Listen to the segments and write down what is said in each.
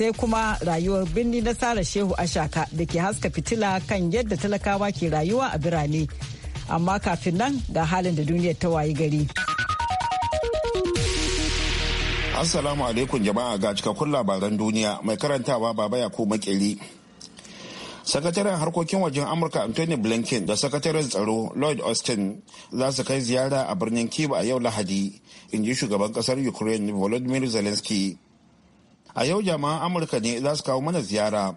sai kuma rayuwar birni na Sara Shehu Ashaka da ke haska fitila kan yadda talakawa ke rayuwa a birane. Amma kafin nan ga halin da duniyar ta wayi gari. Assalamu alaikum jama'a ga cikakkun labaran duniya mai karantawa baba ya ko makeli. sakataren harkokin wajen amurka anthony blinken da sakataren tsaro lloyd austin za su kai ziyara a birnin kiba a yau lahadi in ji shugaban kasar ukraine volodymyr zelensky a yau jama'an amurka ne za su kawo mana ziyara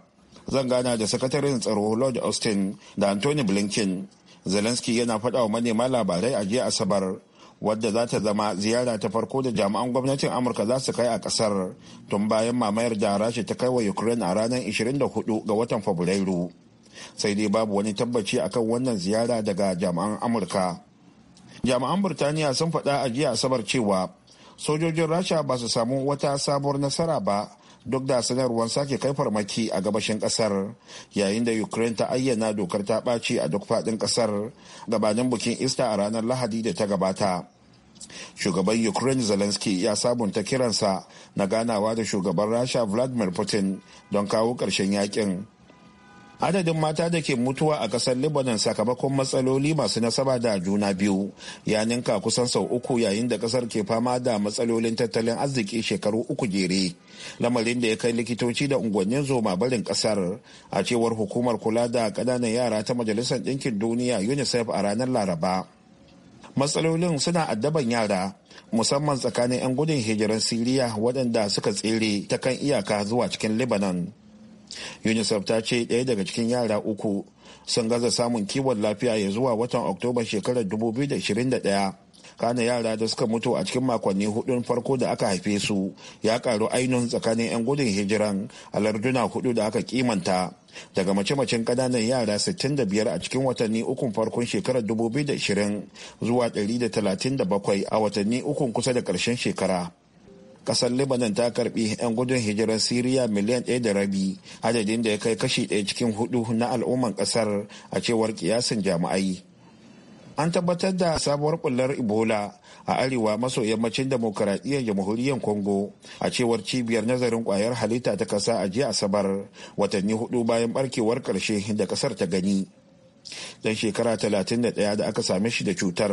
zan gana da sakataren tsaro lord austin da anthony blinken zelensky yana faɗa wa manema labarai a jiya asabar wadda za ta zama ziyara ta farko da jami'an gwamnatin amurka za su kai a kasar tun bayan mamayar da rashi ta kai wa ukraine a ranar 24 ga watan fabrairu sai dai babu wani tabbaci akan wannan ziyara daga jami'an amurka jami'an burtaniya sun faɗa a jiya asabar cewa sojojin rasha ba su samu wata sabuwar nasara ba duk da sanarwar sake kai farmaki a gabashin kasar yayin da ukraine ta ayyana dokar ta ɓaci a duk faɗin kasar gabanin bikin ista a ranar lahadi da ta gabata shugaban ukraine zelensky ya sabunta kiransa na ganawa da shugaban rasha vladimir putin don kawo ƙarshen yakin adadin mata da ke mutuwa a kasar libanon sakamakon matsaloli masu nasaba da juna biyu ya ninka kusan sau uku yayin da kasar ke fama da matsalolin tattalin arziki shekaru uku jere lamarin da ya kai likitoci da unguwannin zoma barin kasar a cewar hukumar kula da kananan yara ta majalisar ɗinkin duniya unicef a ranar laraba matsalolin suna addaban yara musamman tsakanin 'yan gudun hijiran siriya waɗanda suka tsere ta kan iyaka zuwa cikin lebanon unicef ta ce ɗaya daga cikin yara uku sun gaza samun kiwon lafiya ya zuwa watan oktoba shekarar 2021 kana yara da suka mutu a cikin makonni hudun farko da aka haife su ya karu ainihin tsakanin 'yan gudun hijiran a larduna hudu da aka kimanta daga mace-macen kananan yara 65 a cikin watanni ukun farkon shekarar 2020 zuwa 137 a watanni ukun kusa da karshen shekara kasar lebanon ta karbi 'yan gudun hijirar siriya miliyan ɗaya da rabi adadin da ya kai kashi ɗaya cikin hudu na al'umman kasar a cewar kiyasin jami'ai an tabbatar da sabuwar bullar ebola a arewa maso yammacin demokaradiyyar jamhuriyar congo a cewar cibiyar nazarin kwayar halitta ta kasa a jiya asabar watanni hudu bayan barkewar karshe da kasar ta gani dan shekara 31 da aka same shi da cutar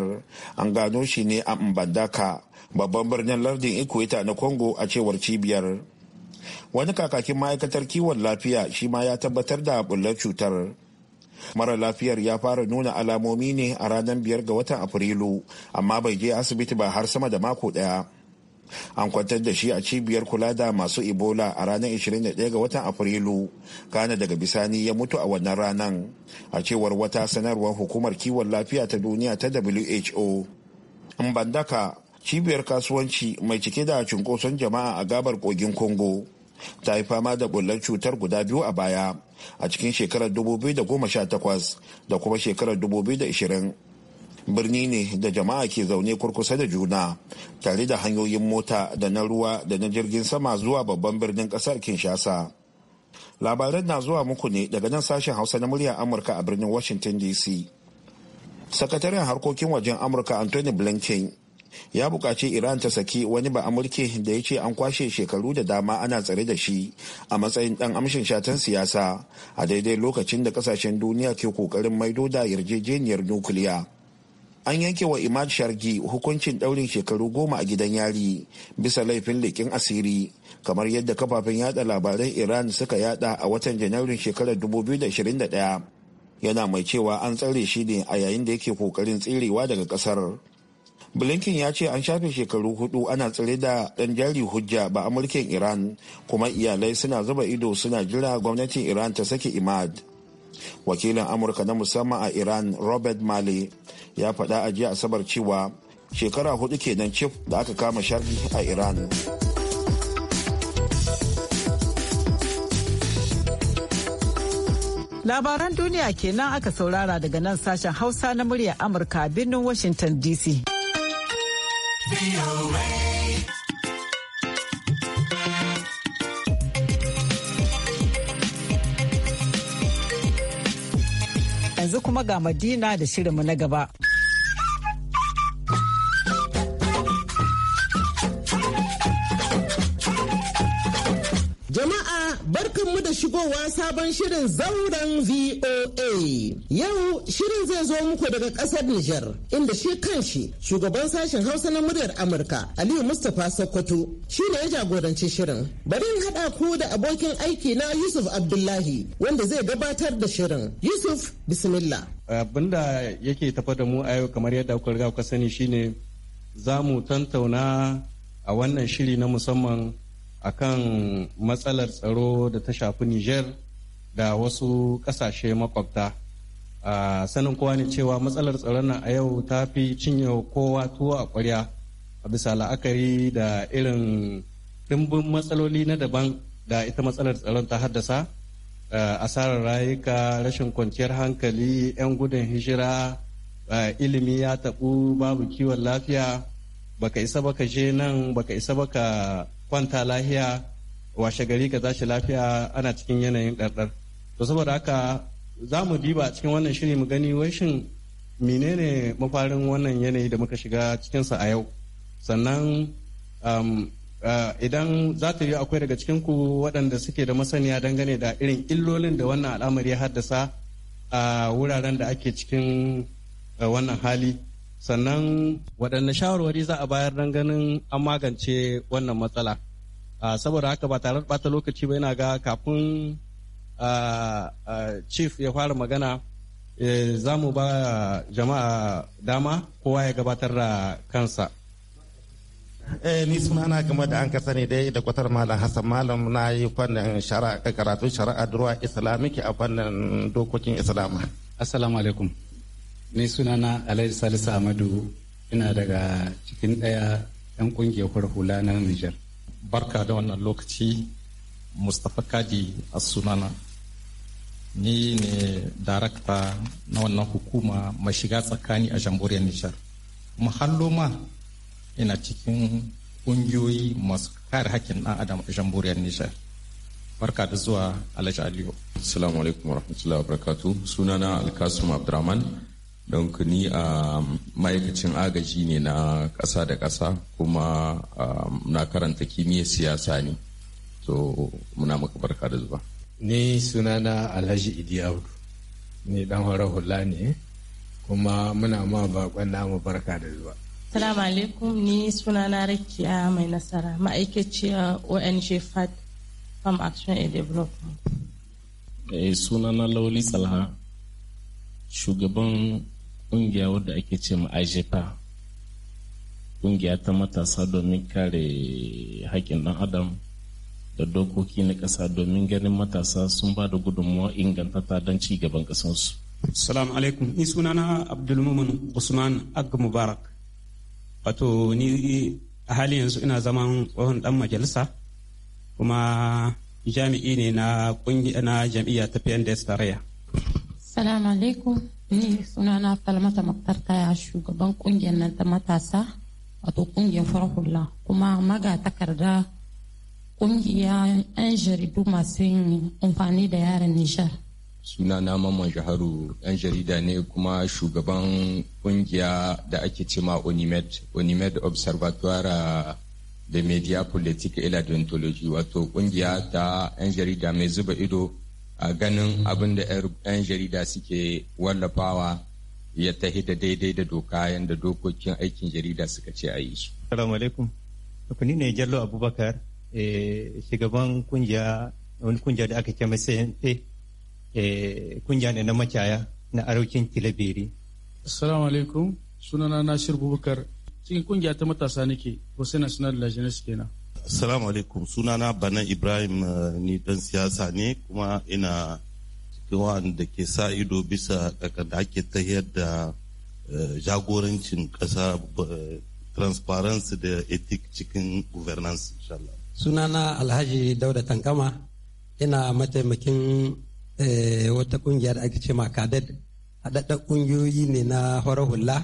an gano shi ne a mbandaka babban birnin lardin ikweta na congo a cewar cibiyar wani kakakin ma'aikatar kiwon lafiya shi ma ya tabbatar da bullar cutar mara lafiyar ya fara nuna alamomi ne a ranar biyar ga watan afrilu amma bai je asibiti ba har sama da mako daya an kwantar da shi a cibiyar kula da masu ebola a ranar 21 ga watan afrilu kana daga bisani ya mutu a wannan ranar a cewar wata sanarwar hukumar kiwon lafiya ta duniya ta who mbandaka cibiyar kasuwanci mai cike da cunkoson jama'a a gabar kogin congo ta yi fama da bullar cutar guda biyu a baya a cikin shekarar 2018 da kuma shekarar 2020 birni ne da jama'a ke zaune kurkusa da juna tare da hanyoyin mota da na ruwa da na jirgin sama zuwa babban birnin kasar kinshasa labaran na zuwa muku ne daga nan sashen hausa na muryar amurka a birnin washington dc sakataren harkokin wajen amurka anthony blinken ya buƙaci iran ta saki wani ba amurke da ya ce an kwashe shekaru da dama ana tsare da shi a matsayin dan amshin shatan siyasa a daidai lokacin da ƙasashen duniya ke ƙoƙarin maido da yarjejeniyar nukiliya an yanke wa imad shargi hukuncin daurin shekaru goma a gidan yari bisa laifin leƙin asiri kamar yadda kafafen yada labaran iran suka yada a watan janairun shekarar 2021 yana mai cewa an tsare shi ne a yayin da yake kokarin tserewa daga kasar blinken ya ce an shafe shekaru hudu ana tsare da dan jari hujja ba amurken iran kuma iyalai suna zuba ido suna jira gwamnatin iran ta sake imad wakilin amurka na musamman a iran robert malley ya faɗa a jiya asabar cewa shekara hudu kenan cif da aka kama sharhi a iran labaran duniya kenan aka saurara daga nan sashen hausa na murya amurka birnin washington dc yanzu kuma ga Madina da shirinmu na gaba. shigowa sabon shirin zauren VOA. Yau shirin zai zo muku daga kasar Nijar inda shi kanshi shugaban sashen Hausa na muryar Amurka Aliyu Mustapha Sokoto shi ne ya jagoranci shirin. Bari in haɗa ku da abokin aiki na Yusuf Abdullahi wanda zai gabatar da shirin. Yusuf Bismillah. Abin da yake tafa da mu a yau kamar yadda kuka riga kuka sani shine za mu tantauna a wannan shiri na musamman akan hmm. matsalar tsaro da ta shafi nijar da wasu ƙasashe makwabta. A sanin kowa ne cewa matsalar tsaron nan a yau ta fi cinye kowa tuwo a ƙwarya a bisa la'akari da irin dimbin matsaloli na daban da ita matsalar tsaron ta haddasa asarar rayuka rashin kwanciyar hankali 'yan gudun hijira ilimi ya taɓu babu kiwon lafiya baka isa baka je nan baka isa baka kwanta lahiya washe gari ka tashi lafiya ana cikin yanayin ɗarɗar to saboda haka za mu diba cikin wannan shiri mu gani wai shin menene mafarin wannan yanayi da muka shiga cikinsa a yau sannan um, uh, idan za ta yi akwai daga cikin ku waɗanda suke da masaniya dangane da irin illolin da wannan al'amari ya haddasa a wuraren da ake cikin uh, wannan hali sannan waɗanne shawarwari za a bayar don ganin an magance wannan matsala saboda haka ba tare da ɓata lokaci ba yana ga kafin chief ya fara magana e, za mu ba jama'a dama kowa ya gabatar da kansa eh ni suna na kamar da an ka sani dai da kwatar malam hassan malam na yi fannin shari'a karatu shari'a duruwa islamiki a fannin dokokin islama assalamu alaikum Ni sunana Alhaji Salisu Amadu ina daga cikin ɗaya 'yan ƙungiyar hula na Nijar. Barka da wannan lokaci Mustapha Kadi a sunana. Ni ne darakta na wannan hukuma mai shiga tsakani a jamhuriyar Nijar. Muhallo ma ina cikin ƙungiyoyi masu kare hakkin ɗan adam a jamhuriyar Nijar. barka da zuwa alhaji aliyu assalamu alaikum wa wabarakatuh sunana alkasum abdurrahman don ni a ma'aikacin agaji ne na ƙasa da ƙasa kuma na karanta kimiyyar siyasa ne so muna maka barka da zuwa ni sunana alhaji idi audu ni dan horar hula ne kuma muna ma bakon namu barka da zuwa salamu alaikum ni sunana rakiya mai nasara a ong fat farm action and development eh, sunana lauli salha shugaban ƙungiya wadda ake ce ma ajepa ƙungiya ta matasa domin kare haƙƙin ɗan adam da dokoki na ƙasa domin ganin matasa sun ba da inganta ingantata don ci gaban ƙasansu. Salamu alaikum, ni sunana Abdulmumin Usman Ag Mubarak. Wato ni a hali yanzu ina zaman tsohon ɗan majalisa kuma jami'i ne na jam'iyya ta PNDS tarayya. Salamu alaikum. Ni eh, sunana Falmata Maktar Kaya shugaban kungiyar nan ta matasa wato kungiyar farhula kuma maga takarda kungiya 'yan jaridu masu yin amfani da yaran Nijar. Sunana Mamman Jaharu 'yan jarida ne kuma shugaban kungiya da ake cema Onimed, Onimed Observatoire de Media Politique et la Deontologie wato kungiya ta 'yan jarida mai zuba ido a ganin abin da 'yan jarida suke wallafawa ya tahi da daidai da doka yadda dokokin aikin jarida suka ce a yi su. Salamu alaikum. Kuni ne Jallo Abubakar, eh, shugaban kungiya wani kungiya da aka kema CNP, eh, kungiya ne na macaya na arokin Kilabiri. Salamu alaikum, sunana Nashir Abubakar. cikin kungiya ta matasa nake, Hussein National Lajenes kenan. Assalamu alaikum sunana Bana Ibrahim uh, ni dan siyasa ne kuma ina cikin da ke sa ido bisa da ake ta da uh, jagorancin kasa uh, transparency da ethic cikin governance inshallah. Sunana Alhaji Dauda Tankama ina mataimakin wata kungiyar ake ce ma Kaded haɗaɗɗen ƙungiyoyi ne na horar hula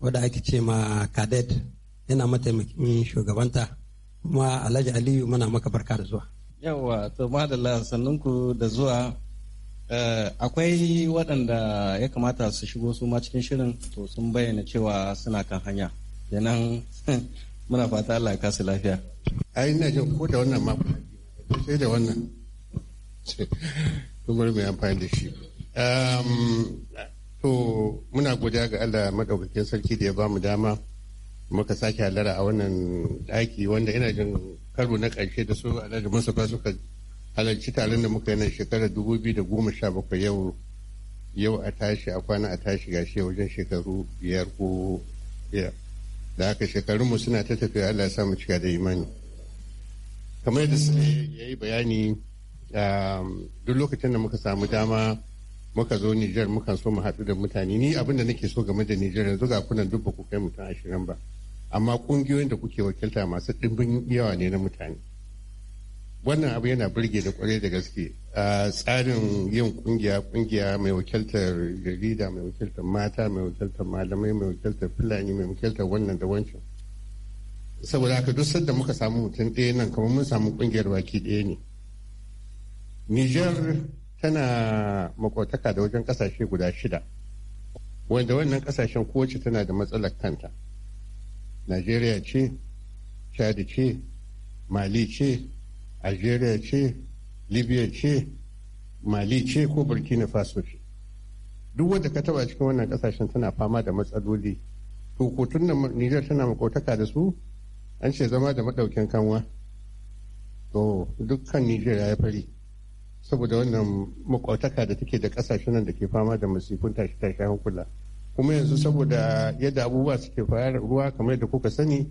wadda ake ce ma Kaded ina mataimakin shugabanta. kuma alhaji aliyu muna maka barka da zuwa yawa to madalla sannunku da zuwa eh, akwai waɗanda ya kamata su shigo su ma cikin shirin to sun bayyana cewa suna kan hanya kenan muna fata Allah ya kasu lafiya ai ina jin ko da wannan ma sai da wannan kuma mai amfani da shi ehm, to muna godiya ga Allah madaukakin sarki da ya bamu dama muka sake halara a wannan ɗaki wanda ina jin karo na ƙarshe da su alhaji mustapha suka halarci taron da muka yi na shekarar dubu biyu da goma sha bakwai yau yau a tashi a kwana a tashi gashi wajen shekaru biyar ko biyar da haka shekarunmu suna ta tafiya allah ya samu cika da imani kamar yadda ya yi bayani um, duk lokacin da muka samu dama muka zo Nijar muka so mu haɗu da mutane ni abin nake so game da Nijar yanzu ga kunan duk ba ku kai mutum ashirin ba amma ƙungiyoyin da kuke wakilta masu ɗimbin yawa ne na mutane wannan abu yana burge da kwarai da gaske a tsarin yin kungiya kungiya mai wakiltar jarida mai wakiltar mata mai wakiltar malamai mai wakiltar fulani mai wakiltar wannan da wancan saboda haka duk sanda muka samu mutum ɗaya nan kamar mun samu kungiyar waki ɗaya ne niger tana makwataka da wajen kasashe guda shida wanda wannan ƙasashen kowace tana da matsalar kanta najeriya ce chad ce mali ce algeria ce libya ce mali ce ko burkina faso ce duk wanda ka taba cikin wannan kasashen tana fama da matsaloli to tun da nijar tana makotaka da su an ce zama da madaukin kanwa to dukkan nijar ya fari saboda wannan makotaka da take da kasashen nan da ke fama da masifin tashi-tashi hankula. kuma yanzu saboda yadda abubuwa suke fara ruwa kamar da kuka sani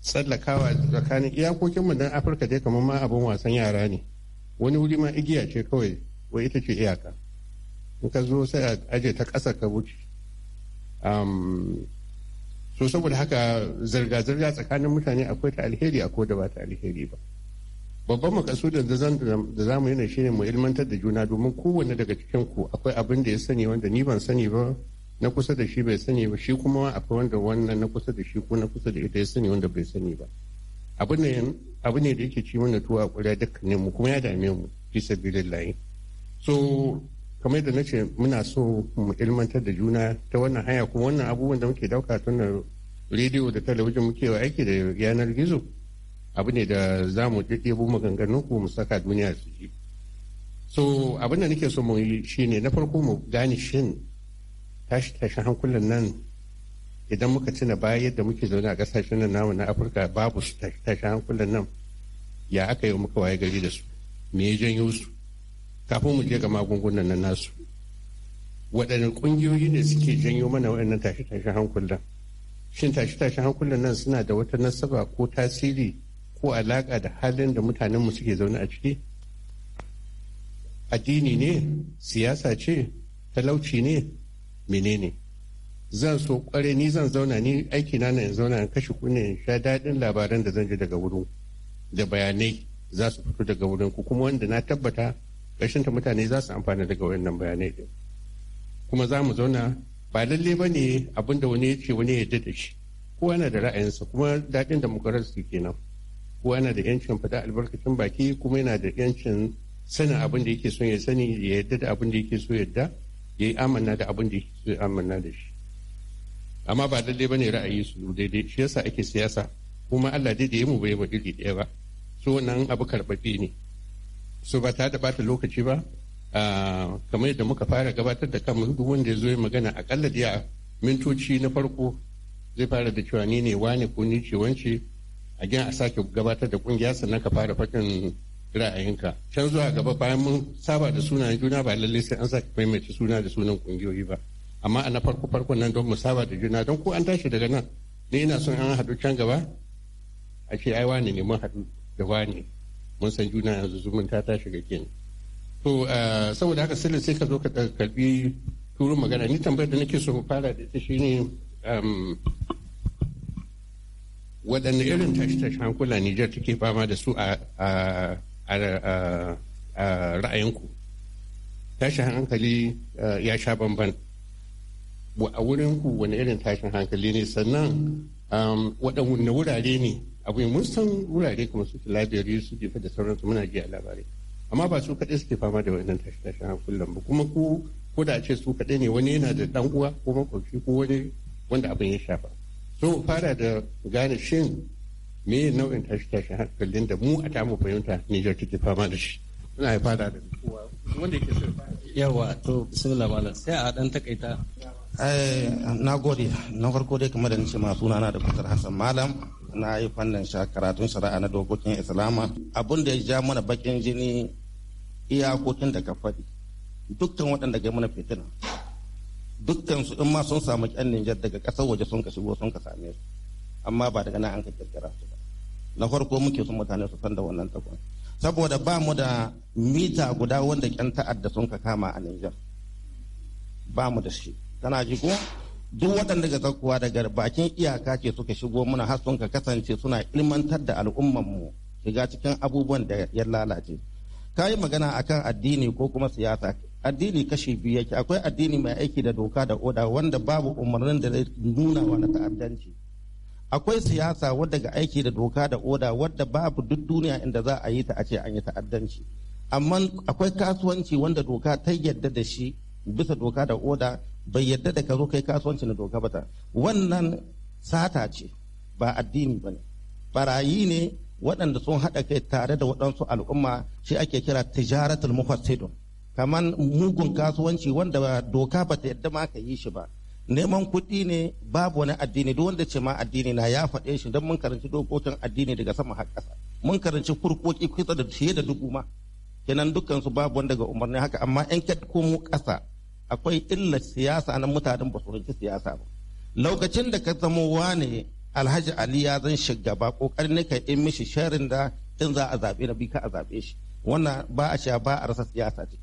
tsallakawa tsakanin iyakokin mu don afirka dai kamar ma abin wasan yara ne wani wuri ma igiya ce kawai wai ita ce iyaka in ka zo sai a aje ta ƙasa ka wuce so saboda haka zirga-zirga tsakanin mutane akwai ta alheri akwai da ba ta alheri ba babban makasudin da za mu yi ne shine mu ilmantar da juna domin kowanne daga cikin ku akwai abin da ya sani wanda ni ban sani ba na kusa da shi bai sani ba shi kuma akwai wanda wannan na kusa da shi ko na kusa da ita ya sani wanda bai sani ba abu ne da yake ci mana tuwa a dukkanin mu kuma ya dame mu fi sabilillahi so kamar da nace muna so mu ilmantar da juna ta wannan hanya kuma wannan abubuwan da muke dauka tun rediyo da talabijin muke wa aiki da yanar gizo abu ne da za mu ɗiɗɗebo maganganun ku mu saka duniya su ji so abin da nake so mu yi shine na farko mu gane shin tashi tashin hankulan nan idan muka tuna baya yadda muke zaune a kasashen nan namu na afirka babu su tashin hankulan nan ya aka yi muka waye gari da su me ya janyo su kafin mu je ga magungunan nan nasu waɗanne ƙungiyoyi ne suke janyo mana waɗannan tashe tashin hankulan shin tashe tashin hankulan nan suna da wata nasaba ko tasiri ko alaƙa da halin da mutanen mu suke zaune a ciki addini ne siyasa ce talauci ne menene zan so kware ni zan zauna ni aiki na na zauna kashe kunne in sha daɗin labaran da zan ji daga wurin da bayanai za su fito daga wurin ku kuma wanda na tabbata ƙarshen ta mutane za su amfana daga wannan bayanai din kuma za mu zauna ba lalle ba ne abin da wani ya ce wani ya yarda da shi kowa na da ra'ayinsa kuma daɗin demokarasi kenan kowa yana da yancin fada albarkacin baki kuma yana da yancin sanin abin da yake son ya sani ya yarda da abin da yake so yarda ya yi amanna da abin da yake amanna da shi amma ba daidai ne ra'ayi su daidai shi yasa ake siyasa kuma Allah dai da ya mu bai wa iri ɗaya ba so nan abu karɓaɓɓe ne so ba ta da bata lokaci ba kamar yadda muka fara gabatar da kanmu duk wanda ya zo magana akalla da mintoci na farko zai fara da cewa ni ne wane ko ni ce wance a gina a sake gabatar da kungiya sannan ka fara faɗin ra'ayinka can zuwa gaba bayan mun saba da sunayen juna ba lallai sai an sake maimaita suna da sunan kungiyoyi ba amma a na farko farko nan don mu saba da juna don ko an tashi daga nan ni ina son an haɗu can gaba a ce ai wani ne mun haɗu da wani mun san juna yanzu zumunta ta tashi ga kin to eh, saboda haka sirri sai ka zo ka karbi turu magana ni tambayar da nake so mu fara da ita shine um, waɗanne irin tashi tashi hankula Nijar take fama da su a a ra'ayinku tashin hankali ya sha bamban a wurin ku wani irin tashin hankali ne sannan um, waɗanne wurare ne abu mun san wurare kuma su labiyari su jefa da sauransu muna jiya labarai amma ba su kaɗai suke fama da wannan tashin tashin hankulan ba kuma ku ko da ce su kaɗai ne wani yana da dan uwa ko makwabci ko wani wanda abin ya shafa so fara da gane shin me nau'in tashi-tashi hankalin da mu a tamu fahimta Nijar kike fama da shi Ina ya fada da wanda yake sai yawa to bismillah malam sai a dan takaita eh, na gode na farko dai kamar da nace ma suna na da kusur Hassan malam na yi fannin karatun shari'a na dokokin islama abun da ya ja mana bakin jini iyakokin da ka faɗi dukkan waɗanda ga mana fitina dukkan su in ma sun samu kyan ninjar daga ƙasar waje sun kashi shigo sun ka same su amma ba daga nan an ka kirkira su ba na farko muke son mutane su san da wannan takwas saboda ba mu da mita guda wanda kyan ta'adda sun ka kama a Nijar ba mu da shi kana ji ko duk waɗanda ga zakuwa daga bakin iyaka ce suka shigo muna har sun ka kasance suna ilmantar da al'umman mu shiga cikin abubuwan da ya lalace ka yi magana akan addini ko kuma siyasa addini kashi biyu yake akwai addini mai aiki da doka da oda wanda babu umarnin da zai nuna wa na ta'addanci akwai siyasa wadda ga aiki da doka da oda wadda babu duk duniya inda za a yi ta a ce an yi ta'addanci amma akwai kasuwanci wanda doka ta yadda da shi bisa doka da oda bai yadda da ka zo kai kasuwanci na doka ba ta wannan sata ce ba addini ba ne barayi ne waɗanda sun haɗa kai tare da waɗansu al'umma shi ake kira tijaratul mufassidun kamar mugun kasuwanci wanda doka ba ta yadda ma ka yi shi ba neman kuɗi ne babu wani addini duk wanda ce ma addini na ya faɗe shi don mun karanci dokokin addini daga sama har ƙasa mun karanci kurkoki kusa da fiye da dubu ma kenan dukkan su babu wanda ga umarni haka amma in ka komo ƙasa akwai illar siyasa nan mutanen ba su siyasa ba lokacin da ka zamo wane alhaji ali ya zan shugaba kokarin ne kai in mishi sharin da in za a zaɓe na bi ka a zaɓe shi wannan ba a sha ba a rasa siyasa ce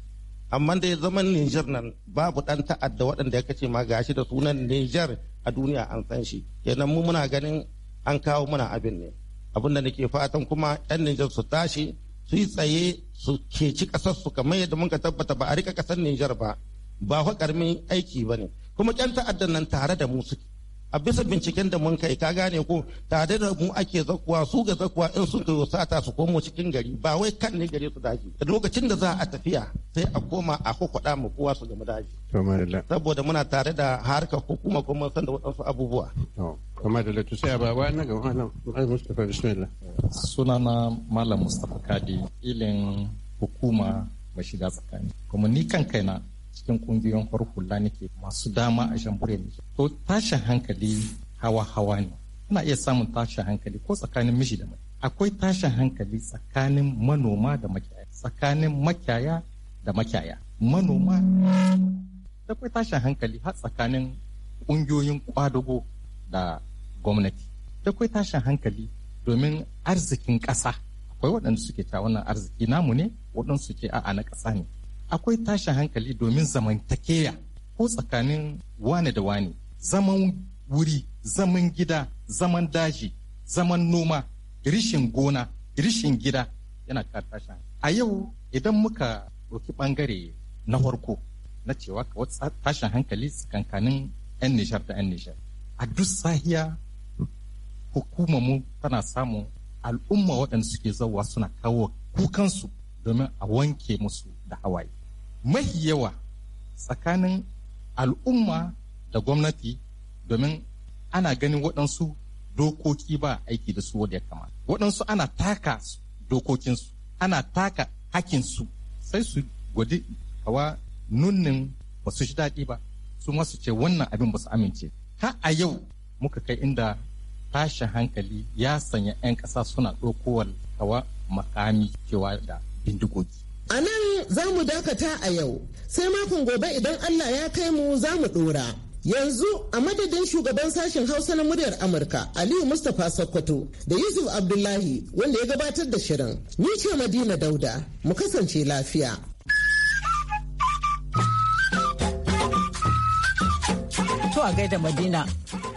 amma da ya zaman Niger nan babu dan ta'adda waɗanda ya kace ma gashi da sunan Niger a duniya an san shi kenan mu muna ganin an kawo muna abin ne abin da nake fatan kuma yan Niger su tashi su yi tsaye su ke ci kasar su kamar yadda muka tabbata ba a rika kasar Niger ba ba fa karamin aiki bane kuma yan ta'addan nan tare da mu suke a bisa binciken da mun kai ka gane ko tare da mu ake zakuwa su ga zakuwa in su kai sata su komo cikin gari ba wai kan ne gare su daji lokacin da za a tafiya sai a koma a kwakwada mu kowa su gama daji saboda muna tare da harkar hukuma kuma san da waɗansu abubuwa kamar da latu sai ba wa ga malam Mustafa bismillah sunana malam Mustafa Kadi ilin hukuma mai shiga tsakani kuma ni kan kaina cikin kungiyoyin har hula nake masu dama a jamhuriyar Nijar. To tashin hankali hawa-hawa ne. Ana iya samun tashin hankali ko tsakanin miji da mai. Akwai tashin hankali tsakanin manoma da makiyaya, tsakanin makiyaya da makiyaya. Manoma akwai tashin hankali har tsakanin ƙungiyoyin kwadugo da gwamnati. Akwai tashin hankali domin arzikin ƙasa. Akwai waɗanda suke ta wannan arziki namu ne, waɗansu ke a'a na ƙasa ne. akwai tashin hankali domin zamantakeya ko tsakanin wane da wane zaman wuri zaman gida zaman daji zaman noma rishin gona rishin gida yana ka tashin a yau idan muka ɗauki ɓangare na farko na cewa ka tashin hankali tsakankanin 'yan nishar da 'yan nishar a duk sahiya mu tana samun al'umma waɗanda suke zauwa suna kawo kukansu domin a wanke musu da hawaye mafi yawa tsakanin al'umma da gwamnati domin ana ganin waɗansu dokoki ba aiki da su wadda ya kamata waɗansu ana taka dokokinsu ana taka hakinsu sai su gwadi kawa nunnin ba su shi daɗi ba su masu ce wannan abin ba su amince ha a yau muka kai inda tashin hankali ya sanya 'yan ƙasa suna ɗokowar kawa makami cewa da bindigogi A nan za mu dakata a yau, sai makon gobe idan Allah ya kai mu za mu ɗora. Yanzu a madadin shugaban sashen Hausa na muryar Amurka, Aliyu Mustapha Sokoto da Yusuf Abdullahi wanda ya gabatar da shirin. Ni ce Madina Dauda, mu kasance lafiya. To a gaida Madina.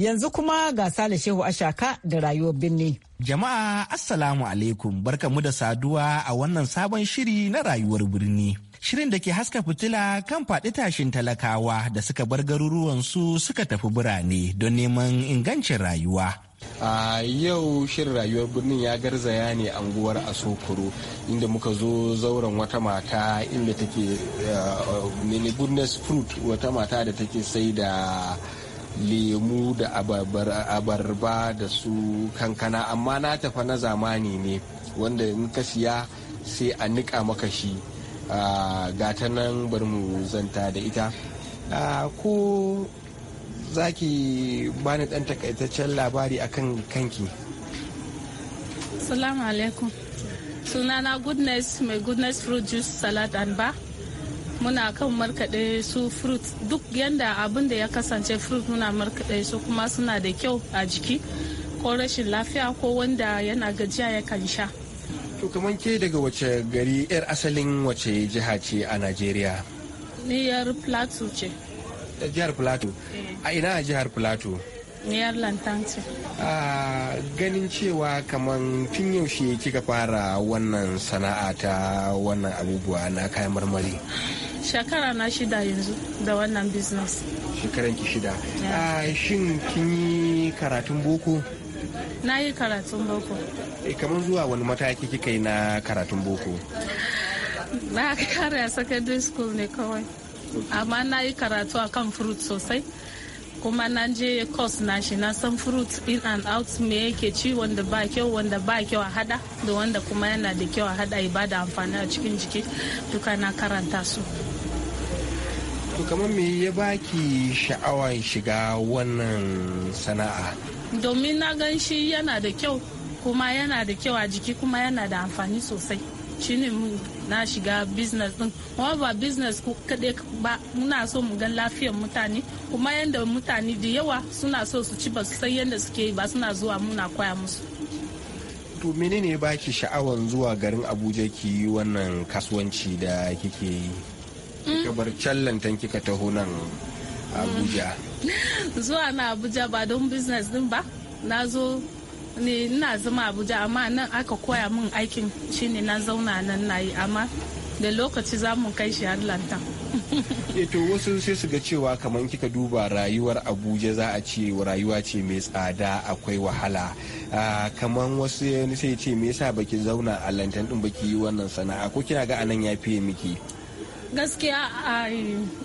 Yanzu kuma ga Sale Shehu Ashaka da rayuwar birni. Jama'a Assalamu alaikum barkamu da saduwa a wannan sabon shiri na rayuwar birni. Shirin da ke haska fitila kan faɗi tashin talakawa da suka bar garuruwan su suka tafi birane don neman ingancin rayuwa. a yau shirin rayuwar birnin ya garzaya ne a anguwar asokoro inda muka zo zauren wata mata inda take uh, mini goodness fruit wata mata da take sai da lemu da abarba da su kankana amma na tafa na zamani ne wanda in ka siya sai a niƙa maka shi ah, gata nan bari mu zanta da ita ah, ko za ki bani ɗan takaitaccen labari akan kanki salamu alaikum sunana goodness mai goodness fruit juice salad and bar muna kan markaɗe su fruit duk yanda abin da ya kasance fruit muna markaɗe su kuma suna da kyau a jiki ko rashin lafiya ko wanda yana gajiya ya kan sha to kamar ke daga wace gari yar asalin wace jiha ce a najeriya niyar plateau ce jihar plateau eh. a ina a jihar plateau niyar lantan ce a ganin cewa kamar tun yaushe kika fara wannan sana'a ta wannan abubuwa na kayan marmari shekara na shida yanzu da wannan business shekaran ki shida a ah, shin kin yi karatun boko na yi karatun boko e eh, kamar zuwa wani mataki kika yi na karatun boko na kare a secondary school ne kawai amma na yi karatu a kan fruit sosai kuma na je course na shi na san fruit in and out me yake ci wanda ba kyau wanda ba kyau a hada da wanda kuma yana da kyau a hada ibada amfani a cikin jiki duka na karanta su to kamar me ya baki sha'awa shiga wannan sana'a domin na gan shi yana da kyau kuma yana da kyau a jiki kuma yana da amfani sosai shine na shiga business din kuma ba business kaɗai ba muna so mu gan lafiyar mutane kuma yadda mutane da yawa suna so su ci ba su san yadda suke yi ba suna zuwa muna koya musu to menene baki sha'awar zuwa garin abuja ki wannan kasuwanci da kike yi kika bar can lantan kika taho nan abuja zuwa na abuja ba don business din ba na zo ne ina zama abuja amma nan aka koya min aikin shine na zauna nan na yi amma da lokaci za mu kai shi har lantan eh, to wasu sai su ga cewa kamar kika duba rayuwar abuja za a ce rayuwa ce mai tsada akwai wahala ah, kamar wasu sai ce me yasa baki zauna a lantan din baki yi wannan sana'a ko kina ga anan ya fiye miki gaskiya a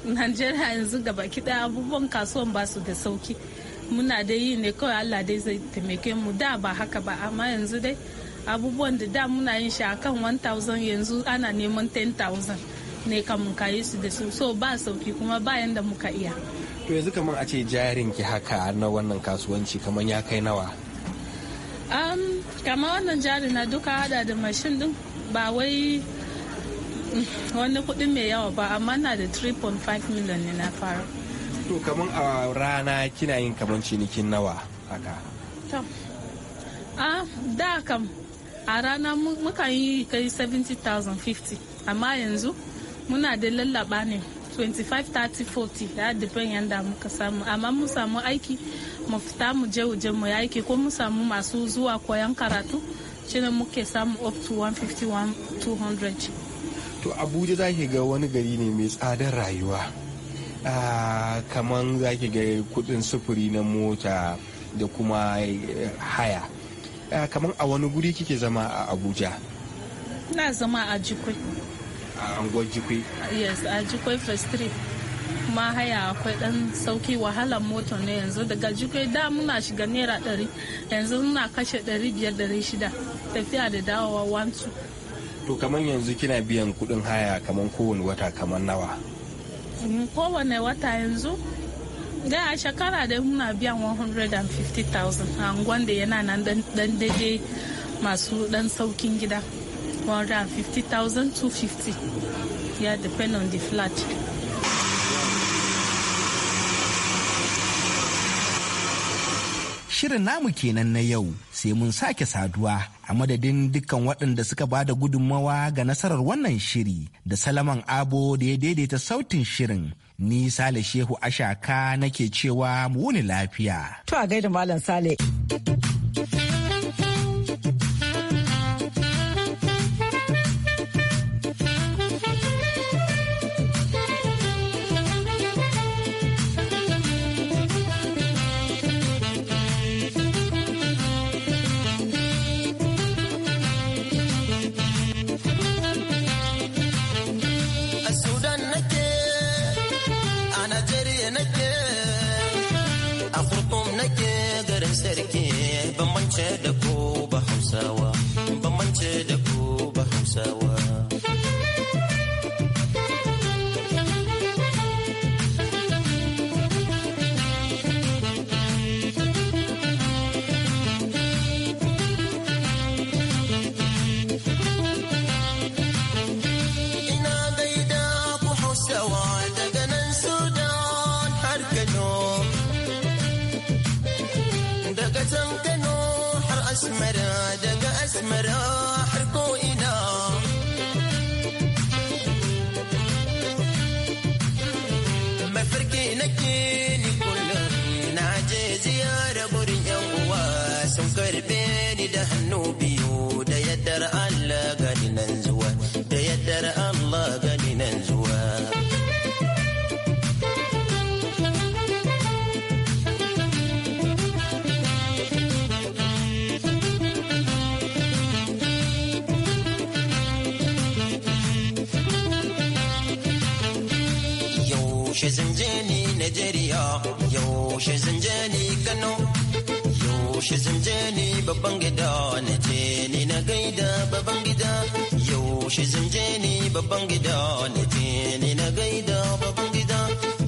najeriya yanzu da baki daya abubuwan kasuwan ba su da sauki muna da yi ne kawai allah dai zai taimake mu da ba haka ba amma yanzu dai abubuwan da da muna yin shi akan 1000 yanzu ana neman 10000 ne kamun kayi su da su so ba sauki kuma bayan da muka iya to yanzu kamar a ce jarin ki haka na wannan kasuwanci kamar ya kai nawa um, kamar wannan jari na duka hada da mashin din ba wai wani kuɗi mai yawa ba amma na da 3.5 million ne na fara to kamar a rana kina yin kamar cinikin nawa haka to a da kam a rana muka yi kai 70,050 amma yanzu muna da lallaba ne 25 30 ya depend yadda muka samu amma mu samu aiki mu fita mu je waje mu aiki ko mu samu masu zuwa koyan karatu shi muke samu up to 150 to abuja za ga wani gari ne mai tsadar rayuwa ah, kamar za ga kudin sufuri na mota da kuma eh, haya ah, kamar a wani guri kike zama a abuja na zama a jikwai a anguwar jikwai yes a jikwai first kuma haya akwai dan sauki wahalar mota ne yanzu daga jikwai da muna shiga naira 100 yanzu muna kashe 500 biyar shida tafiya da dawowa wancu to kamar yanzu kina biyan kuɗin haya kamar kowane wata kamar nawa mm, kowane wata yanzu da a shekara da muna biyan 150,000 a yana nan dan daidai masu dan saukin gida 150,000 250 ya depend on the flat shirin namu kenan na yau sai mun sake saduwa a madadin dukkan waɗanda suka ba da gudunmawa ga nasarar wannan shiri da salaman abo da ya daidaita sautin shirin ni sale shehu ashaka nake cewa mu wuni lafiya to a gaida malam sale a. yaushe zan Nigeria, yau Najeriya yaushe Kano yau zan je ni babban gida na je ni na gaida babban gida yaushe zan je babban gida na je ni na gaida babban gida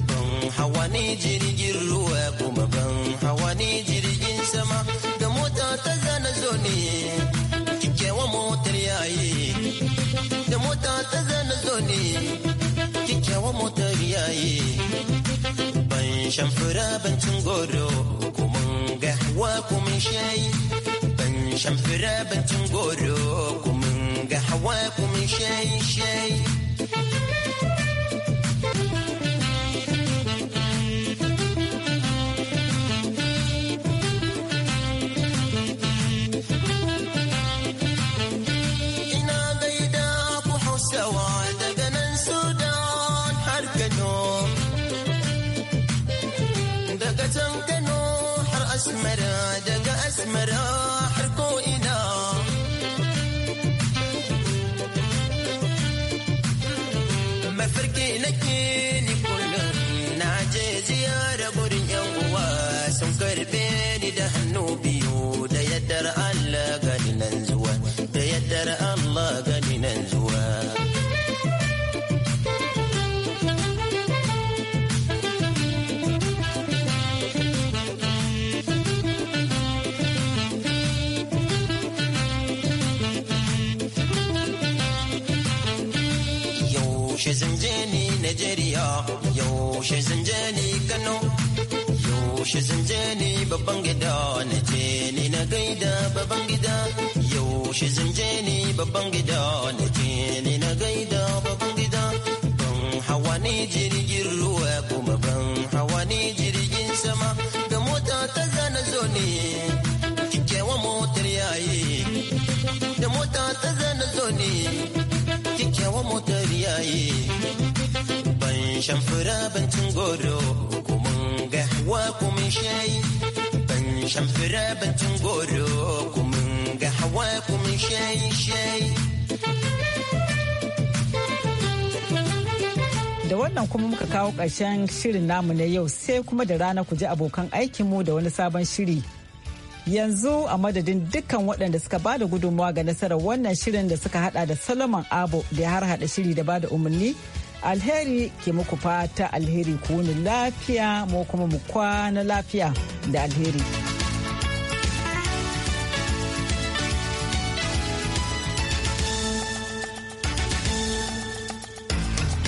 ban hawa ni jirgin ruwa kuma ban hawa ni jirgin sama da mota ta zana zo ne kikewa motar yayi da mota ta zana zo ne kyakkyawan motar yaye ban shan fura ban cin goro kuma ga hawa shayi ban shan fura ban cin goro ga hawa kuma shayi shayi yara har ko ina mafarki nake yaushe zan je ni Kano yaushe zan je ni babban gida na je ni na gaida babban gida yaushe zan je ni babban gida na je ni na gaida babban gida ban hawa ni jirgin ruwa kuma ban hawa ni jirgin sama da mota ta zana zo ne kikewa motar yayi da mota ta zana zo ne kikewa motar yayi shan fura goro, shayi. Ban shan fura goro, shayi shayi. Da wannan kuma muka kawo ƙarshen shirin namu na yau sai kuma da rana ku ji abokan aikinmu da wani sabon shiri. yanzu a madadin dukkan waɗanda suka bada gudunmawa ga nasarar wannan shirin da suka hada da solomon abu da ya har hada shiri da bada umarni alheri ke muku fata alheri kuni lafiya mu kuma mu kwana lafiya da alheri.